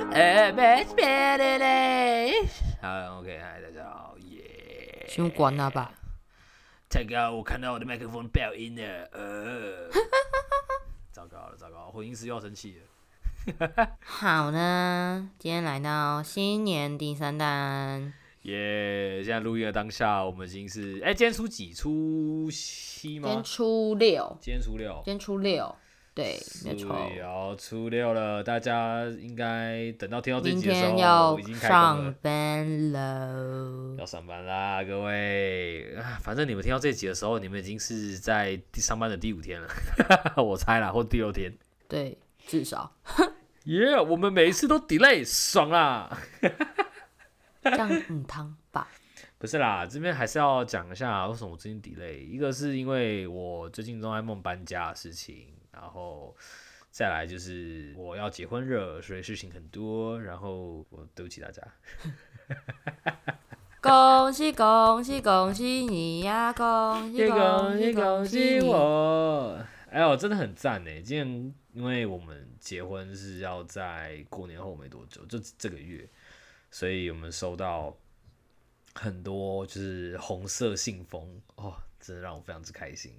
好、 欸、 ，OK，嗨，大家好，耶、yeah！太高了吧！糟糕，我看到我的麥克風爆音了，呃， 糟糕了，糟糕，錄音師要生氣了。 好的，今天來到新年第三單，耶、yeah！現在錄音的當下，我們已經是，哎、欸，今天初幾？初七嗎？今天初六，今天初六，今天初六。對，沒錯。要、哦、初六了，大家應該等到聽到這集的時候，要已經上班了。要上班啦，各位！啊，反正你們聽到這集的時候，你們已經是在上班的第五天了， 我猜啦，或第六天。對，至少。耶、 yeah，我們每一次都 delay， 爽啦！這樣滾湯吧。不是啦，這邊還是要講一下為什麼我最近 delay。一個是因為我最近都在夢搬家的事情，然後再來就是我要結婚了，所以事情很多。然後我對不起大家。恭喜恭喜恭喜你呀！恭喜恭喜恭喜我！哎呦，真的很讚呢！今天因為我們結婚是要在過年後沒多久，就這個月，所以我們收到很多就是紅色信封哦。真的讓我非常之開心，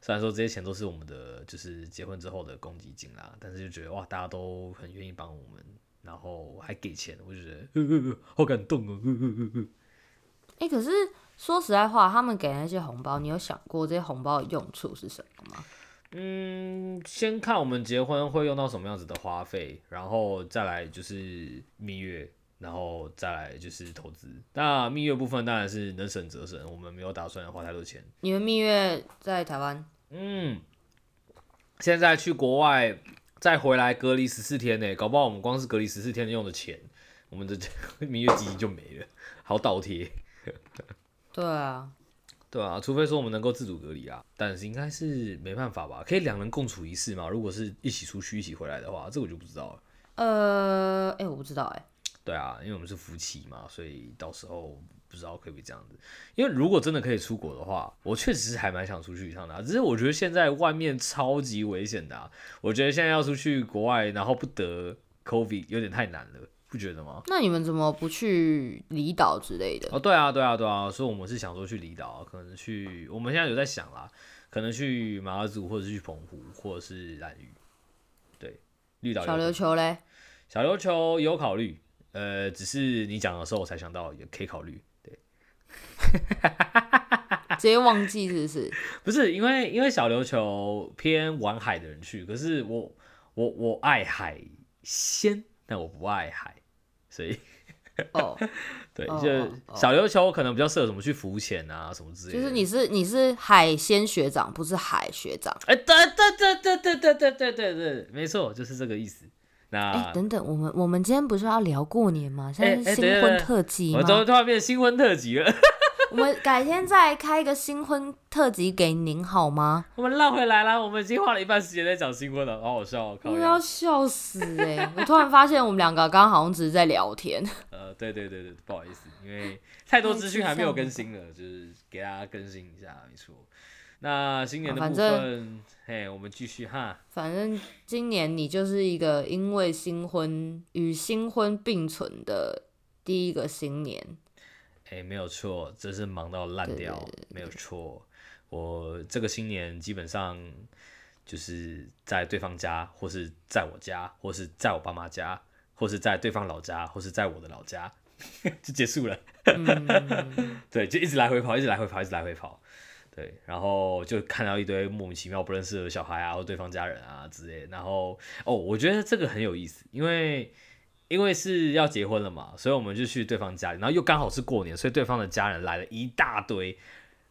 雖然說這些錢都是我們的，就是結婚之後的公積金啦，但是就覺得哇，大家都很願意幫我們，然後還給錢，我就覺得，呵呵好感動哦、喔。誒、欸，可是說實在話，他們給那些紅包，你有想過這些紅包的用處是什麼嗎？嗯，先看我們結婚會用到什麼樣子的花費，然後再來就是蜜月。然後再來就是投資。那蜜月部分當然是能省則省，我們沒有打算花太多錢。你們蜜月在台灣？嗯，現在去國外再回來隔離十四天呢、欸，搞不好我們光是隔離十四天用的錢，我們的蜜月基金就沒了，好倒貼。對啊，對啊，除非說我們能夠自主隔離啊，但是應該是沒辦法吧？可以兩人共處一室嘛？如果是一起出去一起回來的話，這個、我就不知道了。呃，哎、欸，我不知道、欸，哎。對啊，因為我們是夫妻嘛，所以到時候不知道可不可以這樣子。因為如果真的可以出國的話，我確實是還蠻想出去一趟的，啊。只是我覺得現在外面超級危險的，啊，我覺得現在要出去國外，然後不得 COVID 有點太難了，不覺得嗎？那你們怎麼不去離島之類的？哦，對啊，對啊，對啊，所以我們是想說去離島，啊，可能去。我們現在有在想啦，可能去馬祖，或者是去澎湖，或者是蘭嶼。對，綠島、小琉球嘞，小琉球有考慮。呃，只是你講的時候，我才想到也可以考慮。對，直接忘記是不是？不是，因為因為小琉球偏玩海的人去，可是我我我愛海鮮，但我不愛海，所以。哦、oh. 對，就小琉球，我可能比較適合什麼去浮潛啊 oh. Oh. 什麼之類的。就是你是你是海鮮學長，不是海學長。哎、欸，對對對對對對對對對對，沒錯，就是這個意思。那哎、欸，等等，我們我們今天不是要聊過年嗎？現在是新婚特輯，欸欸，我怎麼突然變成新婚特輯了？ 我們改天再開一個新婚特輯給您好嗎？我們繞回來了，我們已經花了一半時間在講新婚了，好好笑，喔，我要笑死哎，欸！我突然發現我們兩個剛剛好像只是在聊天。 呃，對對對對，不好意思，因為太多資訊還沒有更新了， 就是給大家更新一下，沒錯。那新年的部分，啊、反正嘿，我們繼續哈。反正今年你就是一個因為新婚與新婚並存的第一個新年。哎，沒有錯，真是忙到爛掉，對對對，沒有錯。我這個新年基本上就是在對方家，或是在我家，或是在我爸媽家，或是在對方老家，或是在我的老家， 就結束了。嗯、 對，就一直來回跑，一直來回跑，一直來回跑。對，然後就看到一堆莫名其妙不認識的小孩啊，或對方家人啊之類的。然後哦，我覺得這個很有意思，因為因為是要結婚了嘛，所以我們就去對方家裡，然後又剛好是過年，所以對方的家人來了一大堆，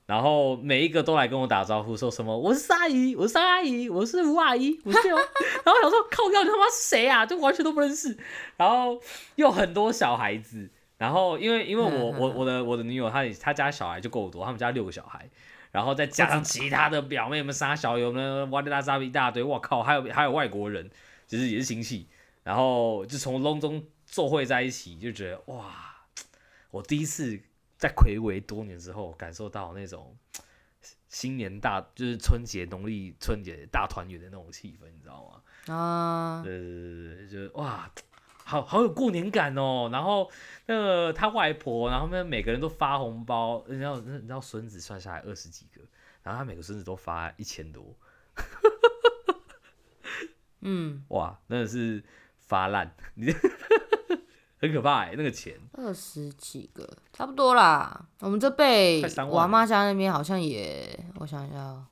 然後每一個都來跟我打招呼，說什麼我是三姨，我是三阿姨，我是吳阿姨，我是……然後我， 我，阿 我想說，靠，我你他媽是誰啊？就完全都不認識。然後又很多小孩子，然後因為因為我我我的我的女友她她家小孩就夠多，他們家六個小孩。然後再加上其他的表妹們、三小友們，哇啦雜一大堆，我靠！還有還有外國人，其實也是親戚。然後就從隆中坐會在一起，就覺得哇！我第一次在睽違多年之後，感受到那種新年大，就是春節農曆春節大團圓的那種氣氛，你知道嗎？啊、哦！對對對對對，就是哇！好好有過年感哦，然後那個他外婆，然後面每個人都發紅包，然後然後孫子算下來二十幾個，然後他每個孫子都發一千多， 嗯，哇，那是發爛， 很可怕哎，那個錢二十幾個，差不多啦，我們這輩，我阿嬤家那邊好像也，我想一下。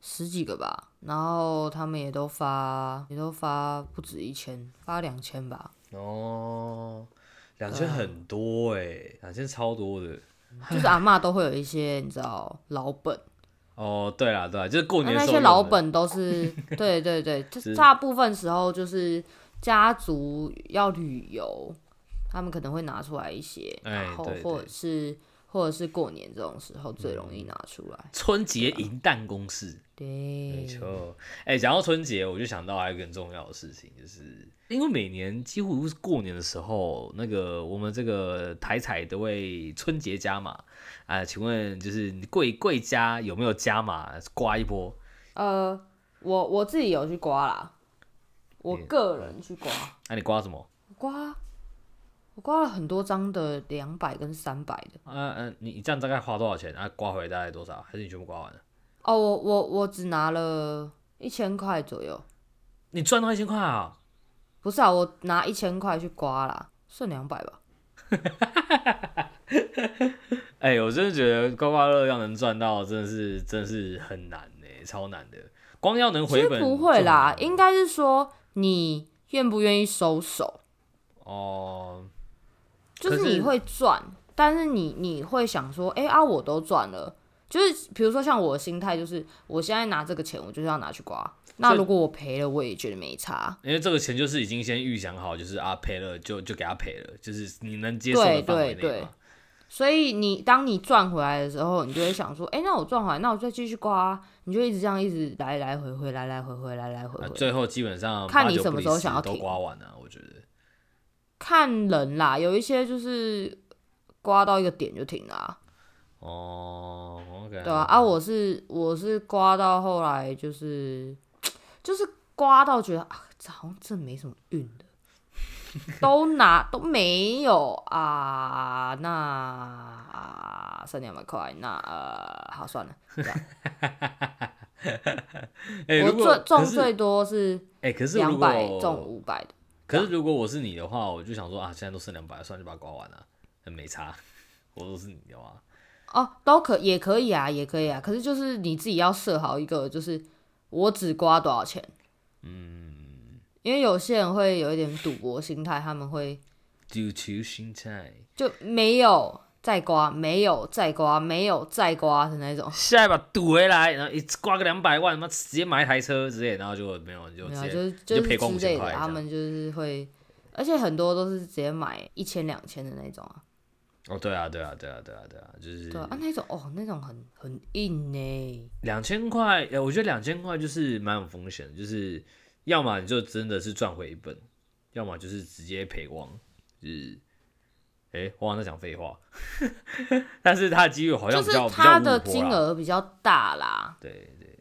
十幾個吧，然後他們也都發，也都發不止一千，發兩千吧。哦，兩千很多哎，欸，兩、嗯、千超多的。就是阿嬤都會有一些，你知道， 你知道老本。哦，對啦，對啦，就是過年的時候，啊。那些老本都是， 對對對，就是大部分時候就是家族要旅遊，他們可能會拿出來一些，然後或者是，欸。對對或者是過年這種時候最容易拿出來，嗯、春節贏蛋公式，對，沒、欸、錯。哎，講到春節，我就想到還有一個很重要的事情，就是因為每年幾乎是過年的時候，那個我們這個台彩都會春節加碼。哎、呃，請問就是你貴貴家有沒有加碼刮一波？呃，我我自己有去刮啦，我個人去刮。那、欸啊、你刮什麼？刮。我刮了很多張的兩百跟三百的。嗯、啊、嗯，你、啊、你這樣大概花多少錢？然、啊、刮回大概多少？還是你全部刮完了？哦，我我我只拿了一千塊左右。你賺到一千塊啊？不是啊，我拿一千塊去刮啦，剩兩百吧。哈哈哈哈哈哈哈，哎，我真的覺得刮刮樂要能賺到，真的是真的是很難的、欸，超難的。光要能回本不會啦，應該是說你願不願意收手。哦、呃。就是你會賺，但是你你會想說，哎、欸、啊，我都賺了。就是比如說像我的心態，就是我現在拿這個錢，我就是要拿去刮。那如果我賠了，我也覺得沒差。因為這個錢就是已經先預想好，就是啊賠了就就給他賠了，就是你能接受的範圍內嘛。對對對。所以你當你賺回來的時候，你就會想說，哎、 欸，那我賺回來，那我再繼續刮、啊，你就一直這樣一直來來回回，來來回回，來來回回。啊、最後基本上 8, 9, 看你什麼時候想要停，都刮完了、啊，我覺得。看人啦，有一些就是刮到一個點就停啦、啊。哦、oh, okay.，對啊，啊，我是我是刮到後來就是就是刮到覺得啊，這好像真沒什麼運的， 都拿都沒有啊，那啊，三、兩百塊，那呃、啊，好算了。是吧 欸、我最是中最多是、欸、是兩百中五百的。可是如果我是你的話，我就想說啊，現在都剩兩百，算了就把它刮完了，很沒差。我都是你的話，哦、啊，都可也可以啊，也可以啊。可是就是你自己要設好一個，就是我只刮多少錢，嗯，因為有些人會有一點賭博心態，他們會賭徒心態就沒有。再刮沒有，再刮沒有，再刮的那種。下一把賭回來，然後一刮個兩百萬，他媽直接買一台車，之類，然後就，沒有，就沒有，就就是，就是，就賠光塊這。他們就是會，而且很多都是直接買一千兩千的那種啊。哦，對啊，對啊，對啊，對啊，對啊，就是。對啊，啊那種哦，那種很很硬誒。兩千塊，呃，我覺得兩千塊就是蠻有風險的，就是要麼你就真的是賺回一本，要麼就是直接賠光，就是。哎、欸，我好像在講廢話， 但是他的幾率好像比較，就是他的金額比，比較大啦。對對，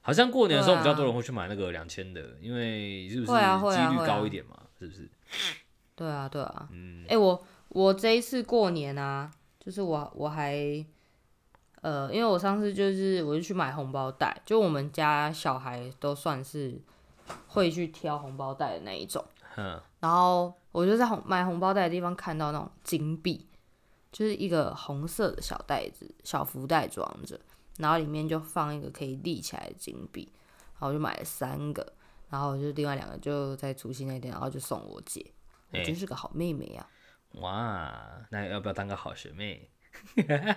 好像過年的時候比較多人會去買那個兩千的，啊，因為是不是幾率高一點嘛，啊啊啊？是不是？對啊對啊。嗯。哎，我我這一次過年啊，就是我我還呃，因為我上次就是我就去買紅包袋，就我們家小孩都算是會去挑紅包袋的那一種。嗯、然後。我就在紅買紅包袋的地方看到那種金幣，就是一個紅色的小袋子、小福袋裝着，然後裡面就放一個可以立起來的金幣，然後我就買了三個，然後我就另外兩個就在除夕那天，然後就送我姐，我真是個好妹妹呀、啊欸！哇，那要不要當個好學妹？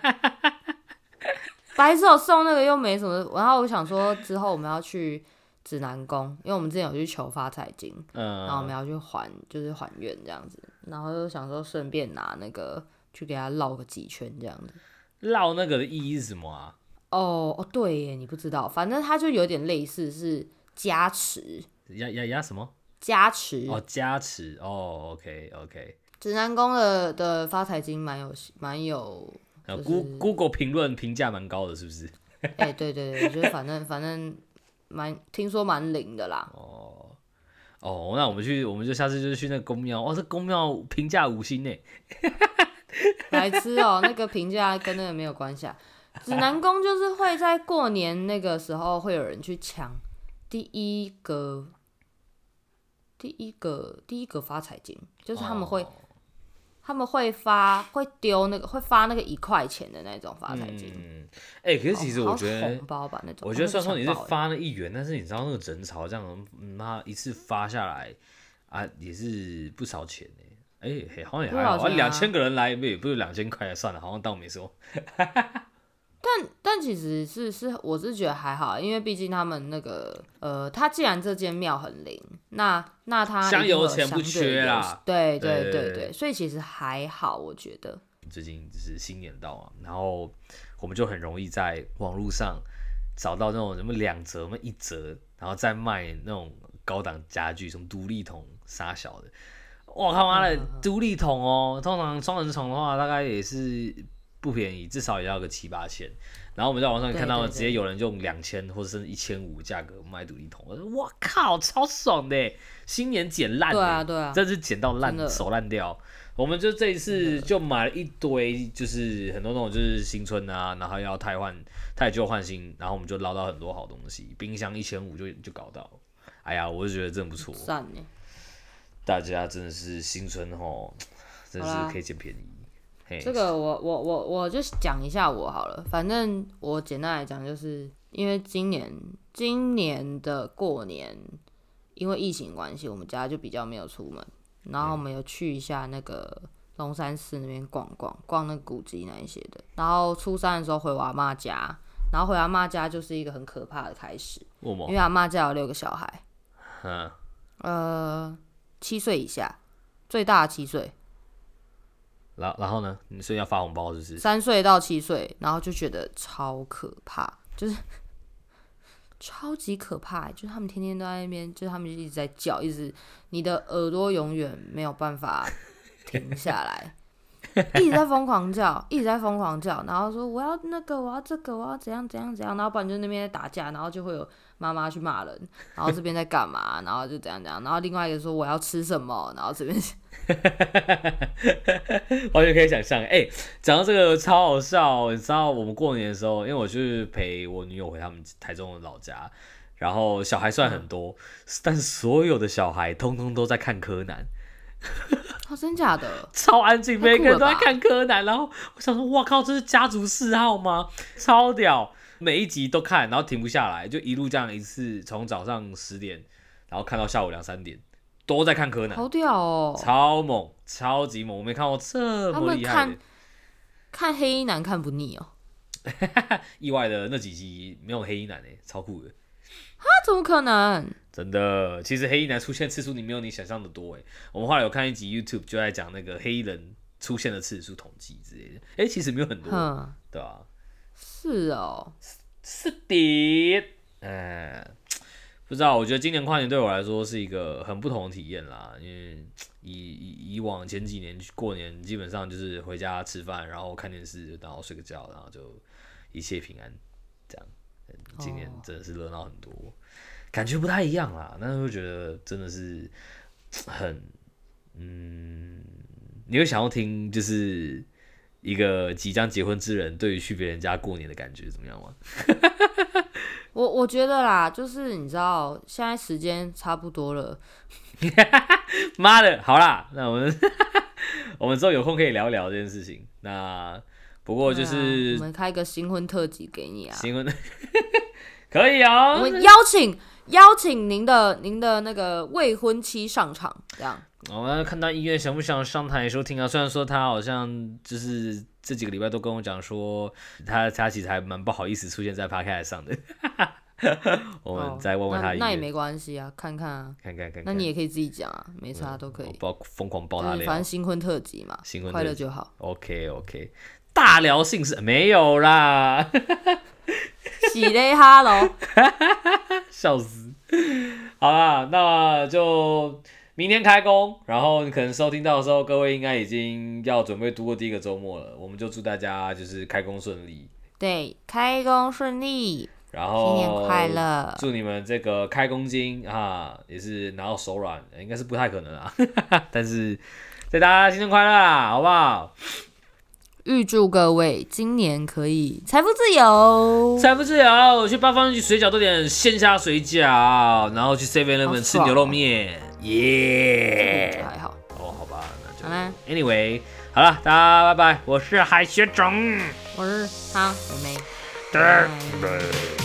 白色我送那個又沒什麼，然後我想說之後我們要去。指南宮，因為我們之前有去求發財金，嗯，然後我們要去還，就是還願這樣子，然後就想說順便拿那個去給他繞個幾圈這樣子。繞那個的意義是什麼啊？哦哦，對耶，你不知道，反正它就有點類似是加持。壓壓壓什麼？加持。哦、oh,，加持哦、oh,，OK OK。指南宮的的發財金蠻有蠻有、就是 oh,，Google Google 評論評價蠻高的，是不是？哎、 欸，對對對，就是反正反正。反正蠻聽說蠻靈的啦。哦哦，那我們去，我們就下次就是去那宮廟。哦，這宮廟評價五星耶， 白痴哦，那個評價跟那個沒有關係啊。指南宮就是會在過年那個時候會有人去搶第一個、第一個、第一個發財金，就是他們會。他們會發，會丟那個，會發那個一塊錢的那種發財金。嗯，哎、欸，可是其實我覺得紅包、哦、吧，那種我覺得算說你是發那一元、哦那，但是你知道那個整潮這樣，媽、嗯、一次發下來啊，也是不少錢呢。哎、欸，好像也還好，哇、啊，兩、啊、千個人來，也不也不就兩千塊，算了，好像當我沒說。 但但其實是是我是覺得還好，因為畢竟他們那個呃，他既然這間廟很靈，那那他香油錢不缺啦。對對對對,對,對,對,對,對,對對對，所以其實還好，我覺得。最近就是新年到啊，然後我們就很容易在網絡上找到那種什麼兩折、什麼一折，然後再賣那種高檔家具，什麼獨立桶、沙小的。我他媽的獨、嗯嗯、立桶哦，通常雙人床的話，大概也是。不便宜，至少也要個七八千。然後我們在網上看到，直接有人用兩千或者甚至一千五價格賣獨立筒，我說哇靠，超爽的！新年撿爛，對啊對啊，真是撿到爛手爛掉。我們就這一次就買了一堆，就是很多那種就是新春啊，對對對，然後要汰換，汰舊換新，然後我們就撈到很多好東西，冰箱，一千五就就搞到。哎呀，我就覺得真不錯，算大家真的是新春吼，真是可以撿便宜。這個我我我我就講一下我好了，反正我簡單來講，就是因為今年今年的過年，因為疫情關係，我們家就比較沒有出門，然後我們有去一下那個龍山寺那邊逛逛，逛那古蹟那一些的。然後初三的時候回我阿嬤家，然後回阿嬤家就是一個很可怕的開始，嗯、因為阿嬤家有六個小孩，嗯、呃，七歲以下，最大七歲。然然後呢，你是要發紅包是不是？就是三歲到七歲，然後就覺得超可怕，就是超級可怕，就是他們天天都在那邊，就是他們就一直在叫，一直你的耳朵永遠沒有辦法停下來， 一直在瘋狂叫，一直在瘋狂叫，然後說我要那個，我要這個，我要怎樣怎樣怎樣，然後不然就那邊在打架，然後就會有。媽媽去罵人，然後這邊在幹嘛？ 然後就這樣這樣，然後另外一個說我要吃什麼，然後這邊，完全可以想象。哎、欸，講到這個超好笑，你知道我們過年的時候，因為我去陪我女友回他們台中的老家，然後小孩算很多，嗯，但所有的小孩通通都在看柯南。好、 哦，真假的？超安靜，每個人都在看柯南。然後我想說，哇靠，這是家族嗜好嗎？超屌。每一集都看，然後停不下來，就一路這樣一次，從早上十點，然後看到下午兩三點，都在看柯南，好屌哦，超猛，超級猛，我沒看過這麼厲害。他們看，看黑衣男看不膩哦， 意外的那幾集沒有黑衣男，超酷的，哈，怎麼可能？真的，其實黑衣男出現次數你沒有你想象的多哎。我們後來有看一集 YouTube，就在講那個黑衣人出現的次數統計之類的，哎、欸，其實沒有很多，對吧、啊？是哦，是、是的。哎、嗯，不知道。我覺得今年跨年對我來說是一個很不同的體驗啦，因為以以以往前幾年過年基本上就是回家吃飯，然後看電視，然後睡個覺，然後就一切平安這樣。今年真的是熱鬧很多，哦、感覺不太一樣啦。那會覺得真的是很，嗯，你會想要聽就是？一個即將結婚之人，對於去別人家過年的感覺怎麼樣嗎？我我覺得啦，就是你知道，現在時間差不多了。媽 的，好啦，那我們 我們之後有空可以聊一聊這件事情。那不過就是、啊、我們開一個新婚特輯給你啊，新婚 可以哦。我們邀請。邀請您的您的那個未婚妻上場，這樣。我、哦、們看到意願想不想上台的時候聽啊？雖然說他好像就是這幾個禮拜都跟我講說，他他其實還蠻不好意思出現在 podcast 上的。 我們再問問他、哦那。那也沒關係啊，看看啊，看，看看看。那你也可以自己講啊，沒差都可以。爆、嗯、瘋狂爆他臉。就是、反正新婚特輯嘛，新婚快樂就好。OK OK，大聊性事沒有啦。 喜嘞，哈嘍，笑死！好啦。那就明天開工。然後你可能收聽到的時候，各位應該已經要準備度過第一個周末了。我們就祝大家就是開工順利，對，開工順利。然後，新年快樂！祝你們這個開工金啊，也是拿到手軟，欸，應該是不太可能啊。 但是，祝大家新年快樂啊，好不好？預祝各位今年可以財富自由，財富自由！我去八方去水餃多點鮮蝦水餃，然後去 C V 那邊吃牛肉麵，耶、哦！還好、yeah、哦，好吧，那就好了。Anyway，好啦，大家拜拜！我是海學長，我是湯美眉，拜